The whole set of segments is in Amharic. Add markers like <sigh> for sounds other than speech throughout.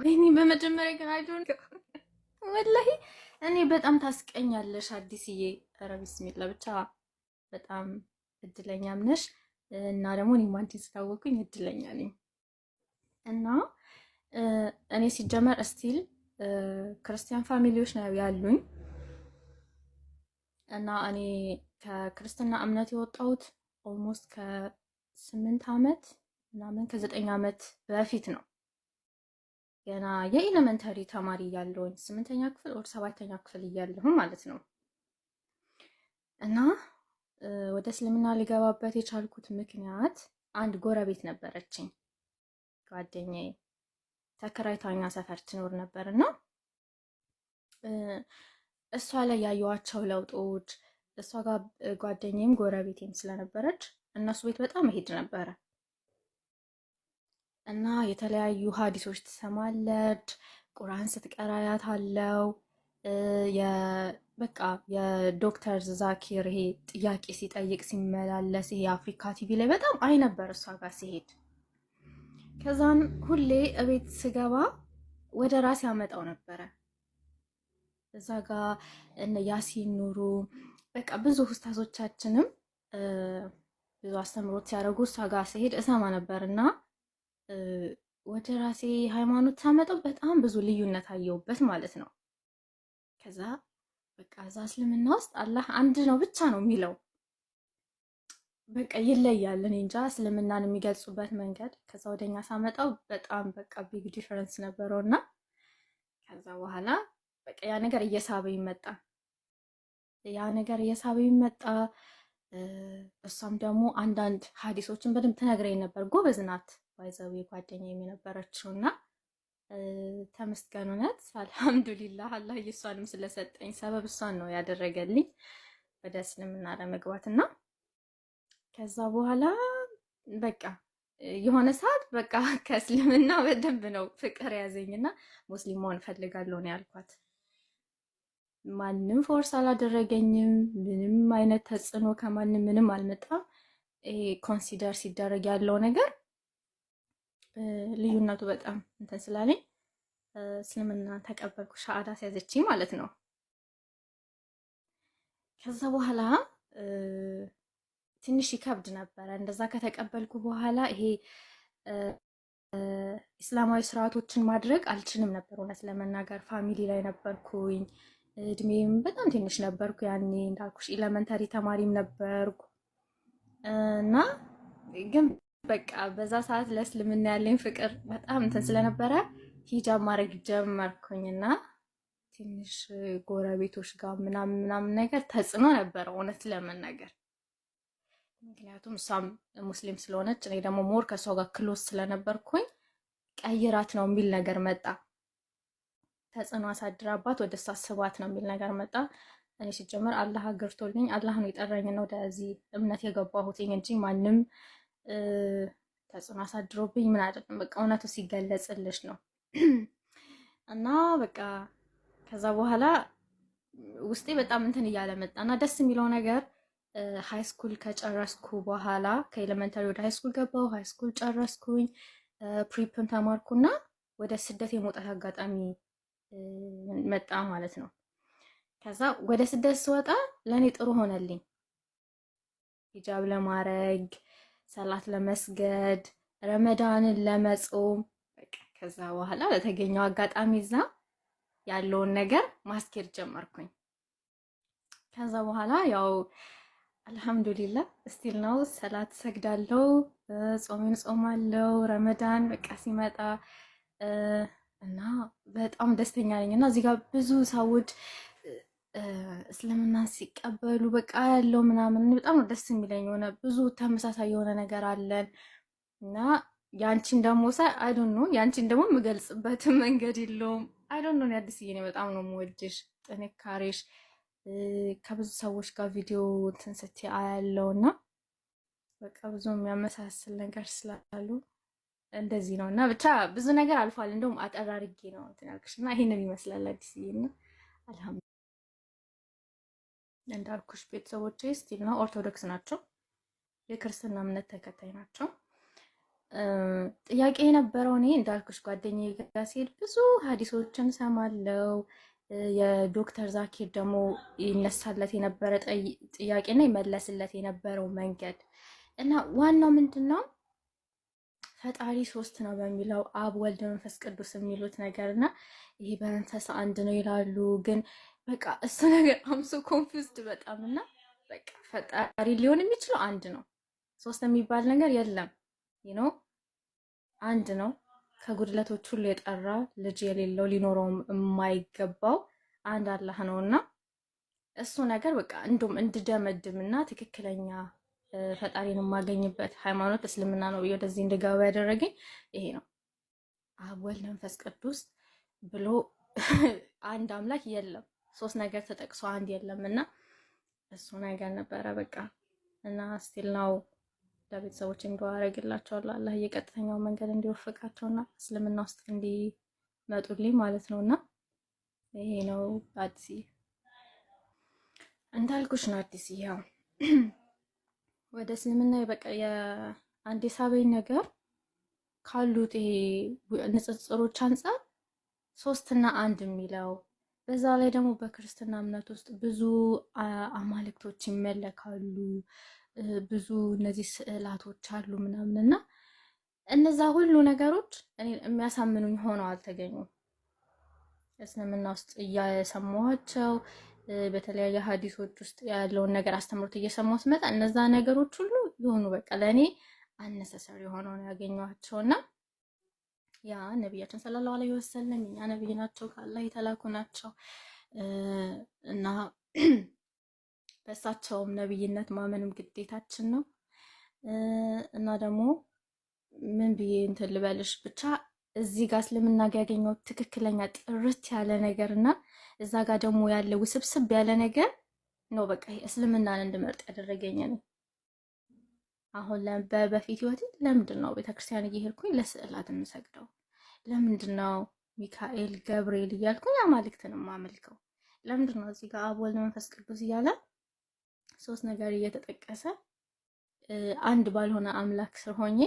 ወይኔ በመጀመሪያ ግን አይዶን ወላሂ እኔ በጣም ታስቀኛለሽ አዲስዬ። ኧረ ቢስሚላ ብቻ በጣም እድለኛም ነሽ እና ደግሞ እኔም አንቺን ስታወቅኩኝ እድለኛ ነኝ እና እኔ ሲጀመር እስቲል ክርስቲያን ፋሚሊዎች ነው ያሉኝ እና እኔ ከክርስትና እምነት የወጣሁት ኦልሞስት ከስምንት ዓመት ምናምን ከዘጠኝ ዓመት በፊት ነው ገና የኤሌመንተሪ ተማሪ እያለሁኝ ስምንተኛ ክፍል ወደ ሰባተኛ ክፍል እያለሁ ማለት ነው እና ወደ እስልምና ሊገባበት የቻልኩት ምክንያት አንድ ጎረቤት ነበረችኝ። ጓደኛዬ ተከራይታኛ ሰፈር ትኖር ነበር እና እሷ ላይ ያየኋቸው ለውጦች እሷ ጋር ጓደኛዬም ጎረቤቴም ስለነበረች እነሱ ቤት በጣም እሄድ ነበረ። እና የተለያዩ ሀዲሶች ትሰማለች፣ ቁርአን ስትቀራያት አለው። በቃ የዶክተር ዛኪር ይሄ ጥያቄ ሲጠይቅ ሲመላለስ ይሄ አፍሪካ ቲቪ ላይ በጣም አይ ነበር እሷ ጋር ሲሄድ። ከዛን ሁሌ እቤት ስገባ ወደ ራሴ ያመጣው ነበረ። እዛ ጋ እነ ያሲን ኑሩ በቃ ብዙ ውስታዞቻችንም ብዙ አስተምሮት ሲያደርጉ እሷ ጋር ሲሄድ እሰማ ነበር እና ወደ ራሴ ሃይማኖት ሳመጣው በጣም ብዙ ልዩነት አየውበት ማለት ነው። ከዛ በቃ እዛ እስልምና ውስጥ አላህ አንድ ነው ብቻ ነው የሚለው። በቃ ይለያል። እኔ እንጃ እስልምናን የሚገልጹበት መንገድ ከዛ ወደኛ ሳመጣው በጣም በቃ ቢግ ዲፈረንስ ነበረው እና ከዛ በኋላ በቃ ያ ነገር እየሳበ ይመጣ ያ ነገር እየሳበ ይመጣ። እሷም ደግሞ አንዳንድ ሀዲሶችን በደንብ ትነግረኝ ነበር። ጎበዝ ናት ባይዘዊ ጓደኛ የነበረችው እና ተመስገን እውነት አልሐምዱሊላህ አላህ እሷንም ስለሰጠኝ ሰበብ እሷን ነው ያደረገልኝ ወደ እስልምና ለመግባት እና ከዛ በኋላ በቃ የሆነ ሰዓት በቃ <laughs> ከእስልምና በደንብ ነው ፍቅር ያዘኝና ሙስሊም መሆን ፈልጋለሁ ነው ያልኳት። ማንም ፎርስ አላደረገኝም። ምንም አይነት ተጽዕኖ ከማንም ምንም አልመጣም። ይሄ ኮንሲደር ሲደረግ ያለው ነገር ልዩነቱ በጣም እንትን ስላለኝ እስልምና ተቀበልኩ። ሻአዳ ሲያዘችኝ ማለት ነው። ከዛ በኋላ ትንሽ ይከብድ ነበረ። እንደዛ ከተቀበልኩ በኋላ ይሄ እስላማዊ ስርዓቶችን ማድረግ አልችልም ነበር። እውነት ለመናገር ፋሚሊ ላይ ነበርኩኝ። እድሜም በጣም ትንሽ ነበርኩ ያኔ እንዳልኩሽ ኤሌመንታሪ ተማሪም ነበርኩ እና ግን በቃ በዛ ሰዓት ለእስልምና ያለኝ ፍቅር በጣም እንትን ስለነበረ ሂጃብ ማድረግ ጀመርኩኝና ትንሽ ጎረቤቶች ጋር ምናምን ምናምን ነገር ተጽዕኖ ነበረ፣ እውነት ነገር ምክንያቱም እሷም ሙስሊም ስለሆነች እኔ ደግሞ ሞር ከእሷ ጋር ክሎስ ስለነበርኩኝ ቀይራት ነው የሚል ነገር መጣ። ተጽዕኖ አሳድራባት ወደ እሷ ስባት ነው የሚል ነገር መጣ። እኔ ሲጀመር አላህ አገርቶልኝ አላህ ነው የጠራኝና ወደዚህ እምነት የገባሁት እንጂ ማንም ተጽዕኖ አሳድሮብኝ ምን አይደለም፣ በቃ እውነቱ ሲገለጽልሽ ነው። እና በቃ ከዛ በኋላ ውስጤ በጣም እንትን እያለ መጣ እና ደስ የሚለው ነገር ስኩል ከጨረስኩ በኋላ ከኤሌመንታሪ ወደ ሃይስኩል ገባሁ። ሃይስኩል ጨረስኩኝ፣ ፕሪፕን ተማርኩና ወደ ስደት የመውጣት አጋጣሚ መጣ ማለት ነው። ከዛ ወደ ስደት ስወጣ ለእኔ ጥሩ ሆነልኝ ሂጃብ ለማድረግ ሰላት ለመስገድ ረመዳንን ለመጾም ከዛ በኋላ ለተገኘው አጋጣሚ እዛ ያለውን ነገር ማስኬድ ጀመርኩኝ። ከዛ በኋላ ያው አልሐምዱሊላ እስቲል ነው ሰላት ሰግዳለው፣ ጾሜን ጾማለው። ረመዳን በቃ ሲመጣ እና በጣም ደስተኛ ነኝ እና እዚህ ጋር ብዙ ሰዎች እስልምና ሲቀበሉ በቃ ያለው ምናምን በጣም ነው ደስ የሚለኝ። የሆነ ብዙ ተመሳሳይ የሆነ ነገር አለን እና ያንቺን ደግሞ ሳይ አይዶን ነው ያንቺን ደግሞ የምገልጽበት <laughs> መንገድ የለውም። አይዶን ነው አዲስዬ፣ እኔ በጣም ነው የምወድሽ ጥንካሬሽ። ከብዙ ሰዎች ጋር ቪዲዮ እንትን አያለው እና በቃ ብዙ የሚያመሳስል ነገር ስላሉ እንደዚህ ነው እና ብቻ ብዙ ነገር አልፏል። እንደውም አጠራርጌ ነው እንትን ያልኩሽ እና ይሄንን ይመስላል አዲስዬ እና አልሐምዱሊላህ እንዳልኩሽ ቤተሰቦች ስቲል ነው ኦርቶዶክስ ናቸው፣ የክርስትና እምነት ተከታይ ናቸው። ጥያቄ የነበረው እኔ እንዳልኩሽ ጓደኛዬ ጋር ሲሄድ ብዙ ሀዲሶችን ሰማለው። የዶክተር ዛኪር ደግሞ ይነሳለት የነበረ ጥያቄና ይመለስለት የነበረው መንገድ እና ዋናው ምንድን ነው ፈጣሪ ሶስት ነው በሚለው አብ፣ ወልድ፣ መንፈስ ቅዱስ የሚሉት ነገር እና ይሄ በመንፈስ አንድ ነው ይላሉ ግን በቃ እሱ ነገር አምሶ ኮንፊውዝድ በጣም እና በቃ ፈጣሪ ሊሆን የሚችለው አንድ ነው። ሶስት የሚባል ነገር የለም። ይኖ አንድ ነው። ከጉድለቶች ሁሉ የጠራ ልጅ የሌለው ሊኖረው የማይገባው አንድ አላህ ነው እና እሱ ነገር በቃ እንዲሁም እና ትክክለኛ ፈጣሪን የማገኝበት ሃይማኖት እስልምና ነው ብዬ ወደዚህ እንድገባ ያደረገኝ ይሄ ነው። አብ ወልድ መንፈስ ቅዱስ ብሎ <laughs> አንድ አምላክ የለም። ሶስት ነገር ተጠቅሶ አንድ የለም እና እሱ ነገር ነበረ በቃ እና ስቲል ናው ለቤተሰቦች እንዲሁ አረግላቸዋለሁ አላህ የቀጥተኛው መንገድ እንዲወፍቃቸውና እስልምና ውስጥ እንዲመጡልኝ ማለት ነው እና ይሄ ነው አዲስ እንዳልኩሽ ነው አዲስ ይኸው <clears throat> ወደ እስልምና በቃ የአንድ ነገር ካሉት ይሄ ንጽጽሮች አንጻር ሶስትና አንድ የሚለው በዛ ላይ ደግሞ በክርስትና እምነት ውስጥ ብዙ አማልክቶች ይመለካሉ። ብዙ እነዚህ ስዕላቶች አሉ ምናምን እና እነዛ ሁሉ ነገሮች እኔ የሚያሳምኑኝ ሆነው አልተገኙም። እስልምና ውስጥ እያሰማኋቸው በተለያየ ሀዲሶች ውስጥ ያለውን ነገር አስተምሮት እየሰማሁ ስመጣ እነዛ ነገሮች ሁሉ የሆኑ በቃ ለእኔ አነሳሳሪ ሆነው ነው ያገኘኋቸው እና ያ ነቢያችን ሰለላሁ ዐለይሂ ወሰለም እኛ ነቢይ ናቸው ከአላህ የተላኩ ናቸው እና <clears throat> በእሳቸውም ነቢይነት ማመንም ግዴታችን ነው እና ደግሞ ምን ብዬ እንትን ልበልሽ ብቻ እዚህ ጋር እስልምና ጋር ያገኘው ትክክለኛ ጥርት ያለ ነገር እና እዛ ጋር ደግሞ ያለ ውስብስብ ያለ ነገር ነው። በቃ እስልምናን እንድመርጥ ያደረገኝ ነው። አሁን በበፊት ህይወቴ ለምንድን ነው ቤተክርስቲያን እየሄድኩኝ ለስዕላት የምሰግደው? ለምንድን ነው ሚካኤል ገብርኤል እያልኩኝ አማልክትን ማመልከው? ለምንድን ነው እዚህ ጋር አብ ወልድ መንፈስ ቅዱስ እያለ ሶስት ነገር እየተጠቀሰ አንድ ባልሆነ አምላክ ስር ሆኜ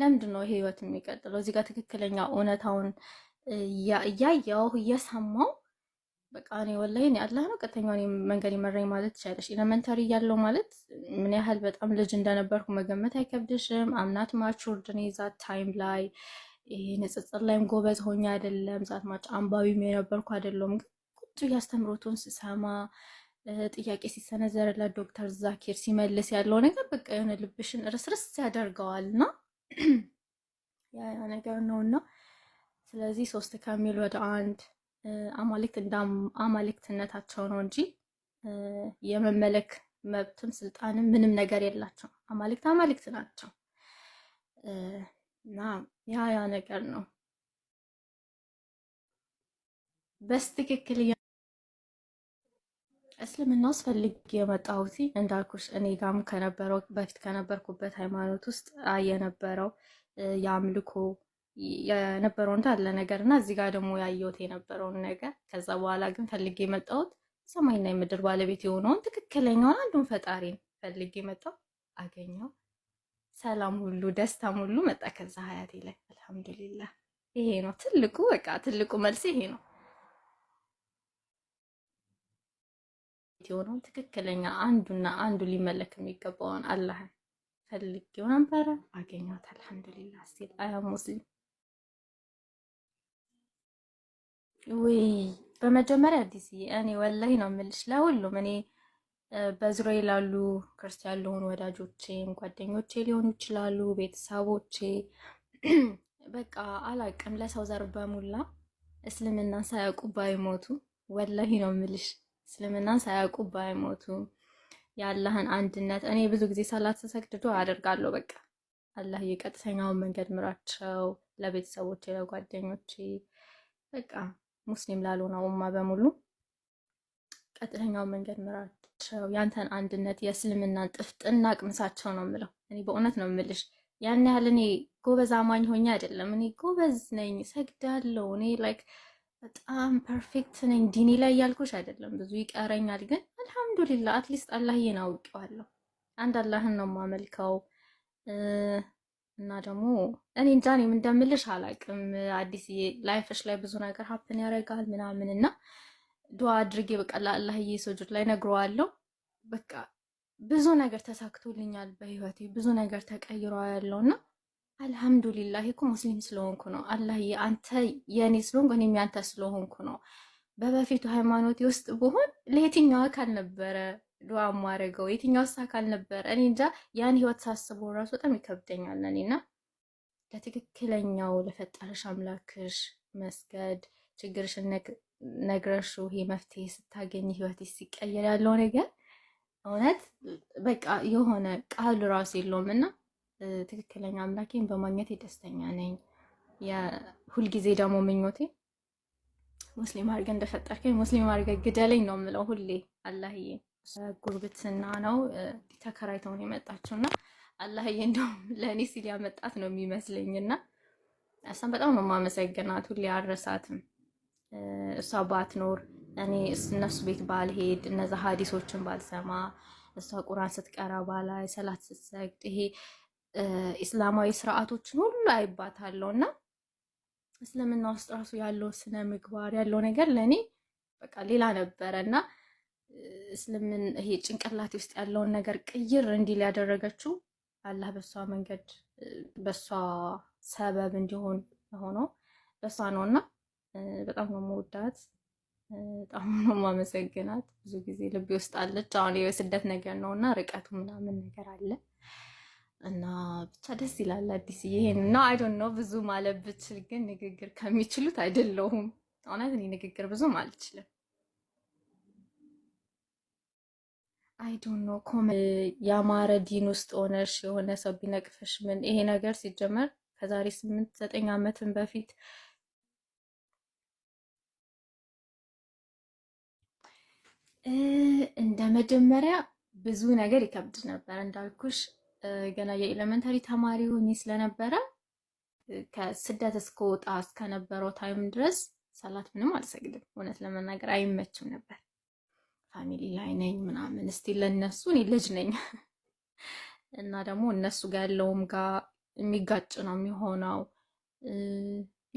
ለምንድን ነው ይሄ ህይወት የሚቀጥለው? እዚህ ጋር ትክክለኛ እውነታውን እያየሁ እየሰማው በቃ እኔ ወላሂ እኔ አላህ ቀጥተኛውን መንገድ ይመራኝ ማለት ትችላለሽ። ኤሌመንተሪ እያለው ማለት ምን ያህል በጣም ልጅ እንደነበርኩ መገመት አይከብድሽም። አምናት ማቹርድ እኔ ዛት ታይም ላይ ይሄ ንጽጽር ላይም ጎበዝ ሆኜ አይደለም ዛት ማች አንባቢም የነበርኩ አይደለም። ቁጭ እያስተምሮቱን ስሰማ ጥያቄ ሲሰነዘርላት ዶክተር ዛኪር ሲመልስ ያለው ነገር በቃ የሆነ ልብሽን ርስርስ ያደርገዋል ና <clears throat> ያ ነገር ነው እና ስለዚህ ሶስት ከሚል ወደ አንድ አማልክት እንደ አማልክትነታቸው ነው እንጂ የመመለክ መብትም ስልጣንም ምንም ነገር የላቸው። አማልክት አማልክት ናቸው እና ያ ያ ነገር ነው በስትክክል እስልምና ውስጥ ፈልግ የመጣሁት እንዳልኩሽ እኔ ጋም ከነበረው በፊት ከነበርኩበት ሃይማኖት ውስጥ የነበረው የአምልኮ የነበረውን ታለ ነገር እና እዚህ ጋር ደግሞ ያየሁት የነበረውን ነገር ከዛ በኋላ ግን ፈልጌ የመጣሁት ሰማይና የምድር ባለቤት የሆነውን ትክክለኛውን አንዱን ፈጣሪን ፈልጌ መጣሁ፣ አገኘው። ሰላም ሁሉ ደስታም ሁሉ መጣ ከዛ ሀያቴ ላይ አልሐምዱሊላህ። ይሄ ነው ትልቁ በቃ ትልቁ መልስ ይሄ ነው የሆነውን ትክክለኛ አንዱና አንዱ ሊመለክ የሚገባውን አላህን ፈልጌው ነበረ አገኘሁት። አልሐምዱሊላህ። አይ አም ሙስሊም ውይ በመጀመሪያ አዲስዬ እኔ ወላሂ ነው የምልሽ ለሁሉም እኔ በዙሪያ ላሉ ክርስቲያን ለሆኑ ወዳጆቼም ጓደኞቼ ሊሆኑ ይችላሉ፣ ቤተሰቦቼ <clears throat> በቃ አላቅም ለሰው ዘር በሙላ እስልምናን ሳያውቁ ባይሞቱ ወላይ ነው የምልሽ እስልምናን ሳያውቁ ባይሞቱ የአላህን አንድነት እኔ ብዙ ጊዜ ሰላት ተሰግድዶ አደርጋለሁ። በቃ አላህ የቀጥተኛውን መንገድ ምራቸው ለቤተሰቦቼ፣ ለጓደኞቼ በቃ ሙስሊም ላልሆነ ኡማ በሙሉ ቀጥተኛው መንገድ ምራቸው። ያንተን አንድነት የእስልምናን ጥፍጥና ቅምሳቸው ነው የምለው። እኔ በእውነት ነው የምልሽ። ያን ያህል እኔ ጎበዝ አማኝ ሆኜ አይደለም። እኔ ጎበዝ ነኝ፣ ሰግዳለው። እኔ ላይክ በጣም ፐርፌክት ነኝ ዲኒ ላይ ያልኩሽ አይደለም። ብዙ ይቀረኛል፣ ግን አልሐምዱሊላ አትሊስት አላህ አውቄዋለሁ። አንድ አላህን ነው የማመልከው። እና ደግሞ እኔ እንጃ እኔም እንደምልሽ አላቅም። አዲስ ላይፍሽ ላይ ብዙ ነገር ሀፕን ያደርጋል ምናምን እና ዱዓ አድርጌ በቃ ለአላህዬ ሱጁድ ላይ ነግረዋለሁ። በቃ ብዙ ነገር ተሳክቶልኛል በህይወቴ ብዙ ነገር ተቀይሮ ያለው እና አልሐምዱሊላህ እኮ ሙስሊም ስለሆንኩ ነው። አላህዬ አንተ የእኔ ስለሆንኩ እኔም ያንተ ስለሆንኩ ነው። በበፊቱ ሃይማኖቴ ውስጥ ብሆን ለየትኛው አካል ነበረ ዱዓ ማድረገው? የትኛው ውስጥ አካል ነበረ? እኔ እንጃ። ያን ህይወት ሳስበው ራሱ በጣም ይከብደኛል። እኔ እና ለትክክለኛው ለፈጠረሽ አምላክሽ መስገድ ችግርሽን ነግረሹ ይሄ መፍትሄ ስታገኝ ህይወት ሲቀየር ያለው ነገር እውነት በቃ የሆነ ቃል ራሱ የለውም እና ትክክለኛ አምላኬን በማግኘት ደስተኛ ነኝ። ሁልጊዜ ደግሞ ምኞቴ ሙስሊም አድርገህ እንደፈጠርከኝ ሙስሊም አድርገህ ግደለኝ ነው የምለው ሁሌ። አላህዬ ጉርብትና ነው ተከራይተው ነው የመጣችው እና አላህዬ እንደውም ለእኔ ሲል ያመጣት ነው የሚመስለኝ እና እሷን በጣም ነው የማመሰግናት። ሁሌ አረሳትም እሷ ባትኖር እኔ እነሱ ቤት ባልሄድ፣ እነዛ ሀዲሶችን ባልሰማ፣ እሷ ቁራን ስትቀራ ባላይ፣ ሰላት ስትሰግድ፣ ይሄ እስላማዊ ስርዓቶችን ሁሉ አይባታለው እና እስልምና ውስጥ ራሱ ያለው ስነ ምግባር ያለው ነገር ለእኔ በቃ ሌላ ነበረ እና እስልምን ይሄ ጭንቅላቴ ውስጥ ያለውን ነገር ቅይር እንዲል ያደረገችው አላህ በሷ መንገድ በሷ ሰበብ እንዲሆን ሆኖ በሷ ነው እና በጣም ነው መወዳት፣ በጣም ነው ማመሰግናት። ብዙ ጊዜ ልቤ ውስጥ አለች። አሁን የስደት ነገር ነው እና ርቀቱ ምናምን ነገር አለ እና ብቻ ደስ ይላል። አዲስ ይሄን ነው አይ ዶንት ኖ ብዙ ማለት ብችል ግን ንግግር ከሚችሉት አይደለሁም። እውነት እኔ ንግግር ብዙም አልችልም። አይ ዶንት ኖ ኮም ያማረ ዲን ውስጥ ሆነሽ የሆነ ሰው ቢነቅፈሽ ምን ይሄ ነገር ሲጀመር ከዛሬ ስምንት ዘጠኝ ዓመትን በፊት እንደ መጀመሪያ ብዙ ነገር ይከብድ ነበር እንዳልኩሽ ገና የኤሌመንታሪ ተማሪ ሆኜ ስለነበረ ከስደት እስከወጣ እስከነበረው ታይም ድረስ ሰላት ምንም አልሰግድም። እውነት ለመናገር አይመችም ነበር። ፋሚሊ ላይ ነኝ ምናምን እስቲ ለነሱ እኔ ልጅ ነኝ <laughs> እና ደግሞ እነሱ ጋር ያለውም ጋር የሚጋጭ ነው የሚሆነው።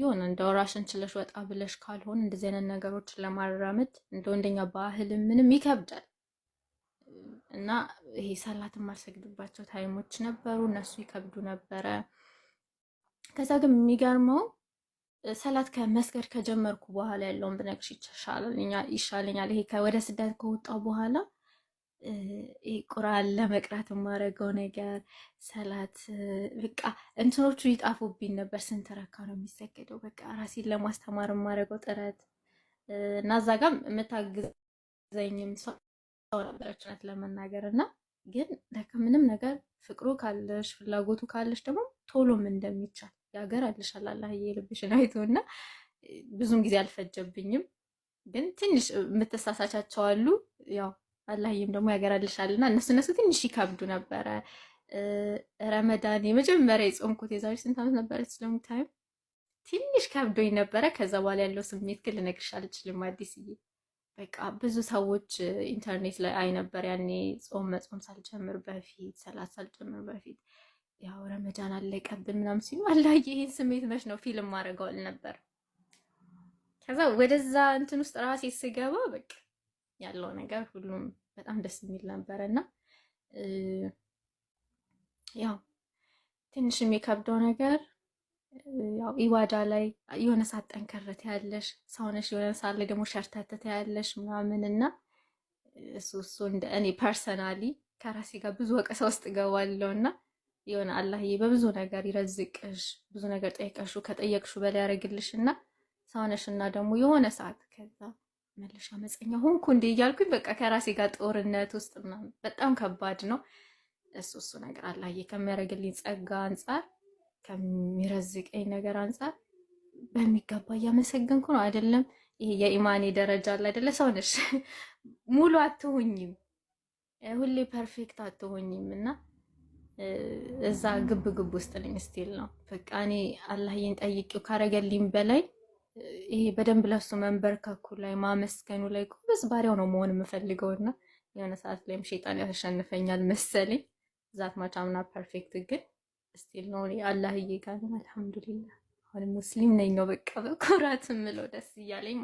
የሆነ እንደ ወራሽን ችለሽ ወጣ ብለሽ ካልሆን እንደዚህ አይነት ነገሮችን ለማራመድ እንደ ወንደኛ ባህልም ምንም ይከብዳል። እና ይሄ ሰላት የማልሰግድባቸው ታይሞች ነበሩ፣ እነሱ ይከብዱ ነበረ። ከዛ ግን የሚገርመው ሰላት ከመስገድ ከጀመርኩ በኋላ ያለውን ብነግርሽ ይሻለኛል። ይሄ ወደ ስደት ከወጣው በኋላ ቁርአን ለመቅራት የማደርገው ነገር ሰላት በቃ እንትኖቹ ይጣፉብኝ ነበር። ስንት ረካ ነው የሚሰገደው? በቃ ራሴን ለማስተማር የማደርገው ጥረት እና እዛ ጋም የምታግዘኝም ሰው አው ነበረች እውነት ለመናገር እና ግን ለከ ምንም ነገር ፍቅሩ ካለሽ ፍላጎቱ ካለሽ ደግሞ ቶሎም እንደሚቻል የሀገር አልሻል አላህዬ ልብሽን አይቶ እና ብዙም ጊዜ አልፈጀብኝም። ግን ትንሽ የምትሳሳቻቸው አሉ። ያው አላህዬም ደግሞ ያገራልሻል እና እነሱ እነሱ ትንሽ ይከብዱ ነበረ። ረመዳን የመጀመሪያ የጾምኩት የዛሬ ስንት ዓመት ነበረ ስለሙ ታይም ትንሽ ከብዶኝ ነበረ። ከዛ በኋላ ያለው ስሜት ግን ልነግርሽ አልችልም አዲስዬ በቃ ብዙ ሰዎች ኢንተርኔት ላይ አይ ነበር ያኔ ጾም መጾም ሳልጀምር በፊት ሰላት ሳልጀምር በፊት ያው ረመዳን አለቀብን ምናምን ሲሉ አላህ ይህን ስሜት መች ነው ፊልም ማድረገዋል ነበር። ከዛ ወደዛ እንትን ውስጥ ራሴ ስገባ በቃ ያለው ነገር ሁሉም በጣም ደስ የሚል ነበር እና ያው ትንሽ የሚከብደው ነገር ያው ኢባዳ ላይ የሆነ ሰዓት ጠንከረት ያለሽ ሰውነሽ የሆነ ሰዓት ላይ ደግሞ ሸርተተት ያለሽ ምናምን እና እሱ እሱ እንደ እኔ ፐርሰናሊ ከራሴ ጋር ብዙ ወቀሳ ውስጥ ገባለሁ እና የሆነ አላህዬ በብዙ ነገር ይረዝቅሽ፣ ብዙ ነገር ጠይቀሹ ከጠየቅሹ በላይ ያደርግልሽ እና ሰውነሽ እና ደግሞ የሆነ ሰዓት ከዛ መልሻ አመፀኛ ሆንኩ እንዴ እያልኩኝ በቃ ከራሴ ጋር ጦርነት ውስጥ ምናምን በጣም ከባድ ነው። እሱ እሱ ነገር አላህዬ ከሚያደርግልኝ ጸጋ አንጻር ከሚረዝቀኝ ነገር አንጻር በሚገባ እያመሰገንኩ ነው። አይደለም ይሄ የኢማኔ ደረጃ አለ አይደለ? ሰው ነሽ፣ <laughs> ሙሉ አትሆኝም፣ ሁሌ ፐርፌክት አትሆኝም። እና እዛ ግብ ግብ ውስጥ ነኝ ስቲል ነው በቃ እኔ አላህዬን ጠይቄው ካረገልኝ በላይ ይሄ በደንብ ለሱ መንበርከኩ ላይ ማመስገኑ ላይ ጎበዝ ባሪያው ነው መሆን የምፈልገው። እና የሆነ ሰዓት ላይም ሼጣን ያሸንፈኛል መሰለኝ። ዛት ማቻምና ፐርፌክት ግን እስቲል ነው አላህዬ ጋር አልሐምዱሊላህ አሁን ሙስሊም ነኝ ነው በቃ በኩራት ምለው ደስ እያለኝ